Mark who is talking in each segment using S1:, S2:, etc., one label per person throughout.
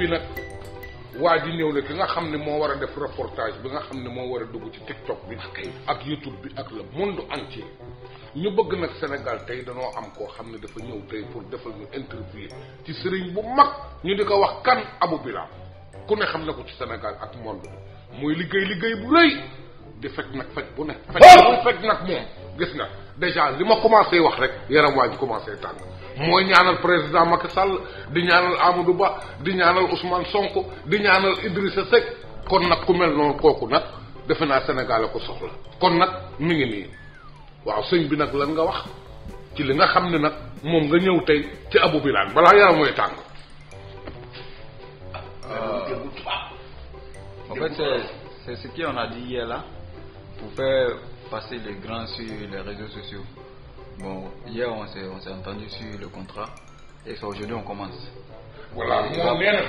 S1: bi nag waa ji ñëw na ki nga xam ne moo war a def reportage bi nga xam ne moo war a dugg ci TikTok bi ak YouTube bi ak le monde entier ñu bëgg nag Sénégal tey danoo am koo xam ne dafa ñëw tey pour defal ñu interview ci sëriñ bu mag ñu di ko wax kan Abou Bilal ku ne xam na ko ci Sénégal ak monde mooy liggéey liggéey bu rëy di fekk nag fekk bu ne fekk bu fekk nag moom gis nga déjà li ma commencé wax rek yaram waa ji commencé tàng mooy ñaanal président Macky Sall di ñaanal Amadou Ba di ñaanal Ousmane Sonko di ñaanal Idrissa Seck kon nag ku mel noonu kooku nag defe naa Sénégal ko soxla kon nag mu ngi nii waaw sëñ bi nag lan nga wax ci li nga xam ne nag moom nga ñëw tey ci abu Birane balaa yaram mooy tàng.
S2: en fait c'est c'est ce qu'on a dit hier là pour Bon, hier on s'est on s'est entendu sur le contrat et ça aujourd'hui on commence. voilà moom nee na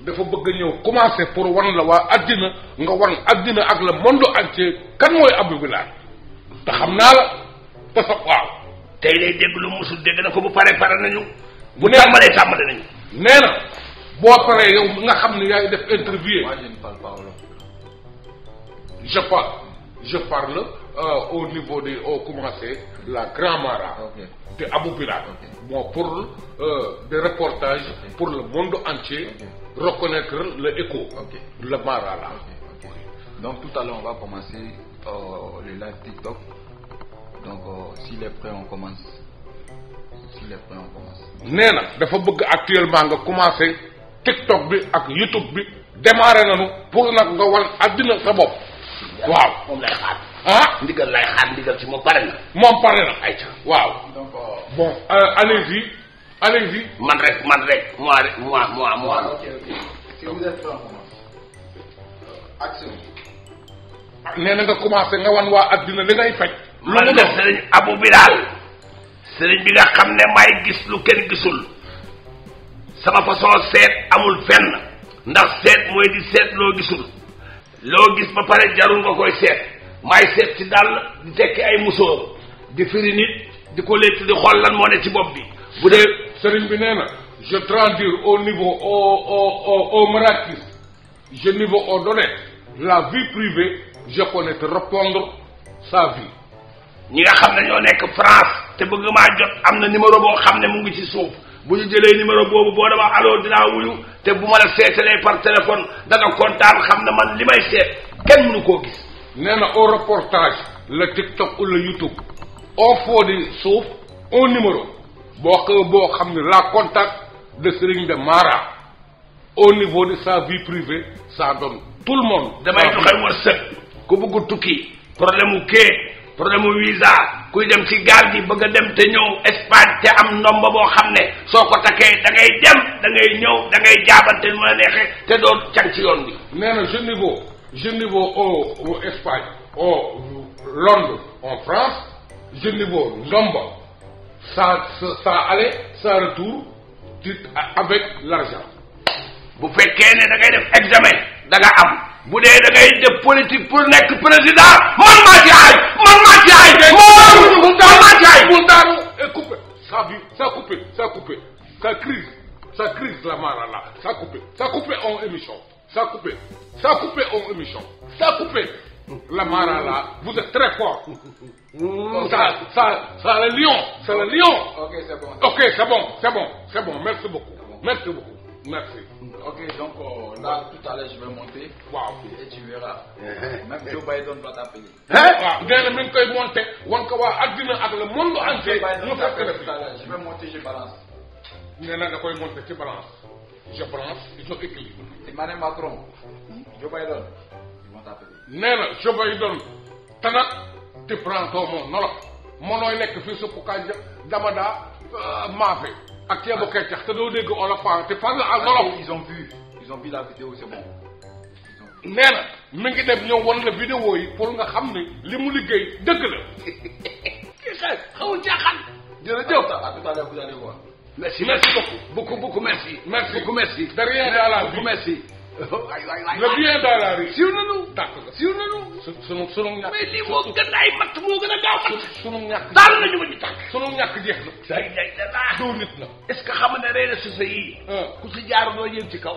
S2: dafa bëgg a ñëw
S1: commencer pour wan la waa àddina nga wan àddina ak le monde entier kan mooy Abdou Bilal xam naa la te sax waaw. tey lay dégg lu musul dégg na ko bu pare pare nañu. bu tàmbalee tàmbale nañu. nee na boo paree yow nga xam ne yaay def interview. je ne parle euh, au niveau de au commencé. la Grand Mara de Abou Bilal bon pour euh, des pour le monde entier reconnaître le
S2: écho le Mara là donc tout à l'heure on va commencer euh, le TikTok donc euh, s'il est on commence s'il est
S1: prêt on commence nee dafa bëgg actuellement nga commencer TikTok bi ak YouTube bi démarrer nañu pour nag nga wan àddina sa bopp waaw ah ndigal lay xaar ndigal ci moom pare na. moom pare na ayca waaw. donc euh, bon euh, allez-y allez man rek man rek moi rek moi moi moi. Ah, ok ok na nga commencé nga wan waa addina li ngay faj. lu mu doon sëriñ Abu Bilal sëriñ bi nga xam ne may gis lu kenn gisul sama façon seet amul fenn ndax seet mooy di seet loo gisul loo gis ba pare jarul nga koy seet. maay seet si dàll di tekki ay musóor di firi nit di ko létt di xool lan moo ne ci bopp bi bu dee sëriñ bi nee na je traduire au niveau au au au maratis je niveau au donné la vie privée je connais te répondre sa vie ñi nga xam ne ñoo nekk France te bëgg maa jot am na numéro boo xam ne mu ngi ci suuf bu ñu jëlee numéro boobu boo dama allo dinaa wuyu te bu ma la seetalee par téléphone da kontaan xam ne man li may seet kenn mënu koo gis nee na au reportage la TikTok wala YouTube au fond di suuf un numéro boo ko boo xam ne la contact de Serigne de Mara au niveau de sa vie privée ça donne tout le monde. damay joxe wërsëg ku bëgg tukki problème mu kee problème mu visa kuy dem ci gaal gi bëgg a dem te ñëw Espagne te am ndomba boo xam ne soo ko takkee da ngay dem da ngay ñëw da ngay jaabante mu la neexee te doo can ci yoon bi. nee na je niveau. Généraux au, au Espagne, au Londres, en France, Généraux, Zomba, ça, ça, ça allait, ça retour, avec l'argent. bu fekkee ne da ngay def examen da nga am bu dee da ngay def politique pour nekk président man maa ci aay man maa ci aay. moom man maa ci aay bul daanu et crise ça crise la mara là ça coupé ça coupé en émission. Ça a coupé. Ça a coupé en émission. La mara là, vous êtes très fort. Mmh. Ça, ça, ça, le lion. C'est le lion. Ok, c'est bon. Ok, c'est bon, c'est bon, c'est bon. Merci beaucoup. Bon. Merci beaucoup. Merci. Ok, donc euh, là, tout à l'heure, je vais monter. Wow. Et tu verras. Même Joe Biden va t'appeler. Hein? Wow. Je vais monter, je balance. Je vais monter, je balance. je pense ils sont équilibrés. Emmanuel Macron. Joe Biden. nee na Joe Biden tanat ti prantoo moom nolok mënooy nekk fii suppuka jamadaa euh, maafe te doo dégg olof paa ah, te parle ak ah, nolok
S2: ils ont vu ils ont vu la vidéo c'est
S1: nga xam ne li mu liggéey dëgg la xawul caaxaan jërëjëf à merci merci beaucoup. beaucoup beaucoup merci. merci beaucoup merci. de rien dans la vie beaucoup merci. waay waay waay le bien dans la vie. siiw nañu. tàkk la siiw a gaaw mat. sunu ñàkk daal nañu ma ñu ce que xam ne réseaux sociaux yi. ku si jaar doo yéeg ci kaw.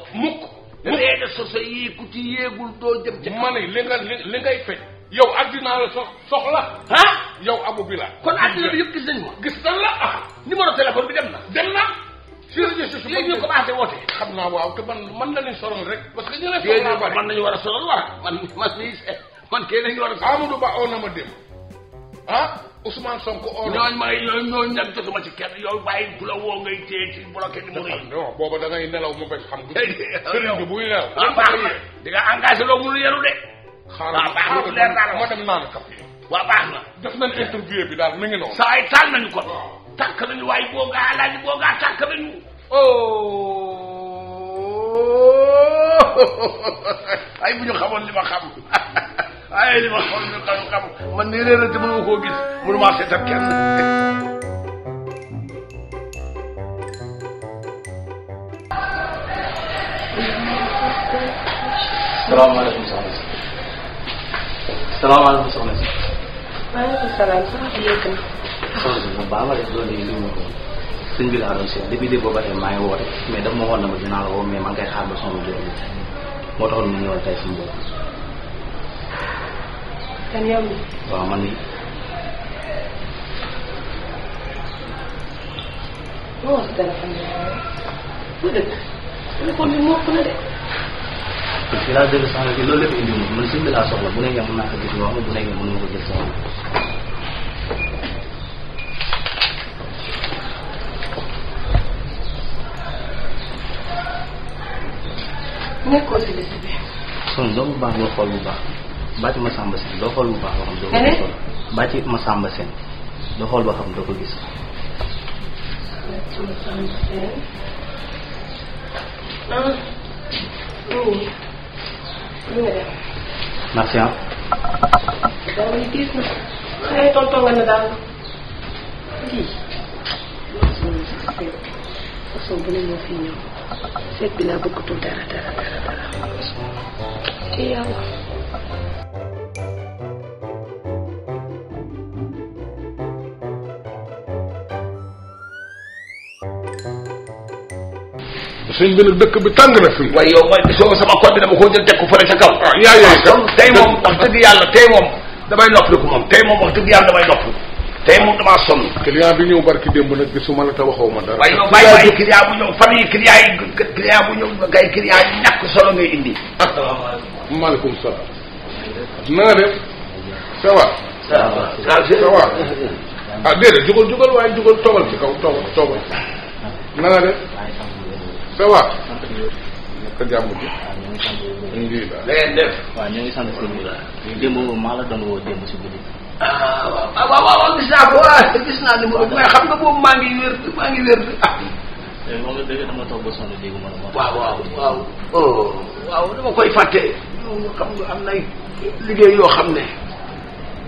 S1: ku ci yéegul doo jëm ci kaw. ma ne yow addinaa la so soxla. ah yow abu bi la. kon addina bi yëpp gis nañu ma. gis nañ la ah. numéro téléphone bi dem na. dem na. sur les réseaux léegi ñu commencé woote. xam naa waaw te man man la leen sonal rek. parce que ñu man nañu war a sonal waa man man mii man kay lañu war a. Amadou Ba oo na ma dem ah Ousmane Sonko oo na. ñooñu may ñooñu ñooñu nag ci kenn yow bàyyi bu la ngay téye ci bloqué numéro yi. Ah, non booba da ngay nelaw mu bañ xam. Ah, sëriñ bi buy nelaw. di nga engagé loo mënul yeru de xaaral baax na ko leer naa la ma dem naan kafe waaw baax na def nañ interview bi daal mi ngi noonu saa yi taal nañu ko tàkk nañu waaye boogaa alaaji boogaa tàkk nañu oh! ay bu ñu xamoon li ma xam ay li ma xamoon li ma xam man nii réeral te mënuma koo gis mënuma seetal kenn
S2: salaamaaleykum salaamaaleykum soxna si. maaleykum salaam. soxna ba ma def loolu yi ma ko sëñ bi laa doon seet depuis début ba tey maa ngi woote mais daf ma woon na ma dinaa la woo mais maa ngi koy moo taxoon ma ñëwoon tey suñu bopp. kan mi. waaw man mii. moo si téléphone na de. ci la dëgg soxna bi loolu lépp indi moom man sëñ laa soxla bu ne nga mën naa ko gis bu ne nga mën nga ko jël soxla nekkoo si liste bi. son doo baax nga xool bu baax bàcc ma sàmba seen doo xool bu baax ba xam doo ko gis bàcc ma sàmba seen doo xool ba xam doo ko gis lu nga def. Martial. daaw yi gis na xëy na tonton nga ne daal lii. façon bu ne moo fi ñëw seet bi laa bëggatul dara dara dara dara. te yàlla.
S1: sëñ bi nag dëkk bi tàng na fii. waaye yow mooy soo sama code bi dama koo jël teg ko fële ca kaw. ah yaa yooyu ah, kon tey moom wax dëgg yàlla tey moom damay noppaliku moom tey moom wax dëgg yàlla damay noppaliku tey moom damaa sonn. client bi ñëw barki démb nag gisuma la te waxoo ma dara.
S2: waaye yow bàyyi waaye
S1: client bu ñëw fan yi client yi client bu ñëw ngay client yi ñàkk solo ngay indi. asalaamaaleykum. maaleykum salaam. na nga def. ça va.
S2: ça va ça va.
S1: ah déedéet jugal jugal waaye jugal toogal ci kaw toogal toogal.
S2: na nga def. ça va. naka jàmm ji. waaw ñu ngi sant bu baax def. waaw ñu ngi sant sëñ bi la. démb maa la doon woo démb si guddi. ah waaw ah, waaw waaw
S1: gis naa ko waaw ah, gis naa numéro bi mais xam nga boobu maa ngi wér maa ngi wér
S2: ah. Eh, léegi moom la dëgg dama toog ba sonn déggu ma la. waaw waaw waaw. oh waaw dama koy fàtte. xam nga am nay liggéey yoo xam ne.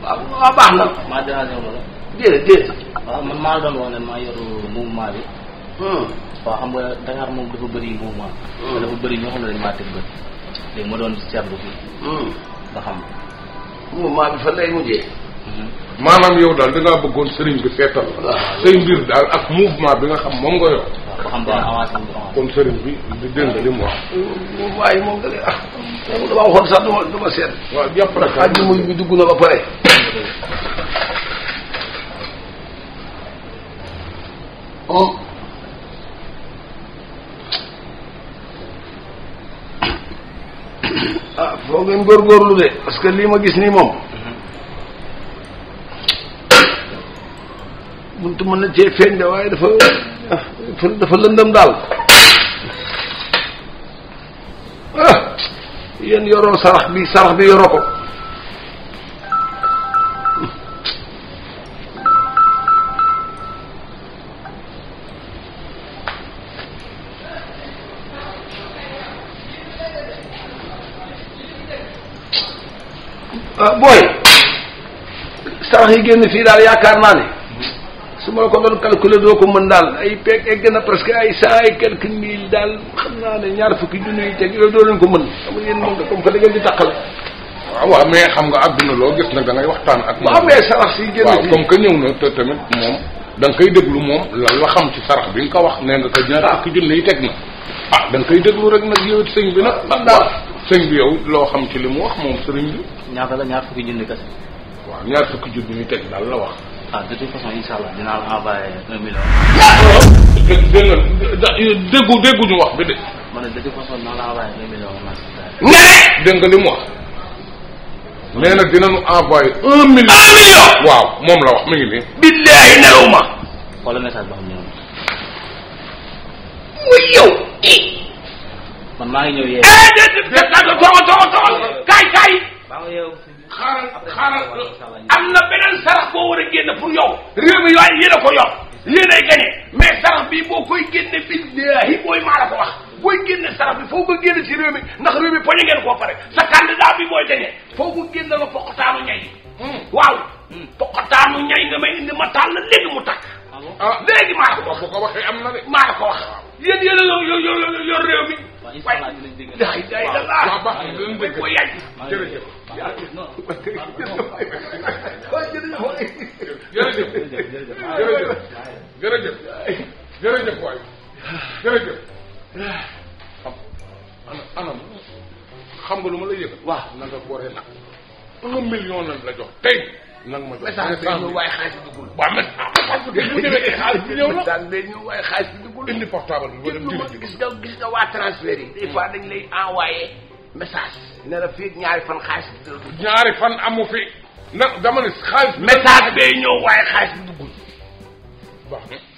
S2: waaw waaw baax na. maa déranger ma la. déedéet déedéet. waaw man maa la doon wax ne maa yoru mouvement bi. Hmm. waaw xam nga Dakar moom dafa bëri mouvement. Hmm. dafa bëri ñoo xam ne dañu maa teg bët. léegi ma doon seetlu fii. Hmm. ba xam. mouvement
S1: yow daal da ngaa bëggoon sëriñ ah. ak nga xam moom nga yor. ba xam daan avancé kon sëriñ bi di dégg nga li mu
S2: wax. moom da ngay
S1: ah. moom damaa waxoon sax du ma du ma seet. waaw jàpp na xaj na muy bi dugg na ba pare. boo gën góorgóorlu de parce que lii ma gis nii moom buntu mën na cee feeñ de waaye dafa dafa lëndëm daal ah yéen yoroo sarax bi sarax bi yoroo ko
S2: Euh, booy
S1: sarax yi génn fii daal yaakaar naa ne su ma la ko doon calculer ko mën daal ay peeg egg na presque ay cent et quelques daal xam naa ne ñaar fukki junni yi teg yooyu doo leen ko mën xam nga yéen moom comme que da ngeen xam nga àdduna loo gis nag da ngay waxtaan ak moom waaw mais sarax si génn fii waaw comme que ñëw na te tamit moom da nga koy xam ci sarax bi nga ko wax nee nga ko ñaar fukki junni yi teg na ah da nga koy déglu rek nag yow sëñ bi nag man daal
S2: sëñ bi yow loo xam ci li mu wax moom sëriñ bi ñaata la ñaar fukki junni waaw ñaar fukki junni ñu teg daal la wax. Ah, de toute façon incha allah dinaa la envoyé un million. dégg déggu déggu wax bi de. ma ne de toute façon dinaa la envoyé un million.
S1: nee. dégg nga li mu wax. nee na dinañu envoyé un million. waaw moom la wax mi ngi nii. billahi nelaw ma. wala message boo xam ne. muy yow.
S2: man maa ngi ñëw yee. Eh, déedéet
S1: déedéet toogal toogal toogal kaay kaay. xaaral xaaral am na beneen sarax boo war a génn pour yow réew mi waaye yéen a ko yor yéen ay gagné mais sarax bi boo koy génne billahi booy maa la ko wax booy génne sarax bi foo nga génn ci réew mi ndax réew mi poñe ngeen koo pare sa candidat bi mooy gagné foo nga génn la poqataanu ñay hmm. waaw hmm. poqataanu ñay nga may indi ma tàll léegi mu takk ah, léegi maa la ko wax bu ko waxee am na de maa la ko wax yéen yéen a yor yor yor réew mi waaye day day la waaw baax na dinañ dégg jërëjëf jërëjëf jërëjëf jërëjëf jërëjëf waay jërëjëf xam anam xam nga lu ma la yëgal waaw na nga booree nag un million lañ la jox tey na nga ma jox waaye xaalis bi dugul waaw man bu demee xaalis bi ñëw la bi dugul indi portable bi gis nga gis nga waa transfert yi des fois dañ message. nee na fii ñaari fan xaalis bi dugg. ñaari fan amu fi. na dama ne xaalis. message bee ñëw waaye xaalis bi duggul. baax na.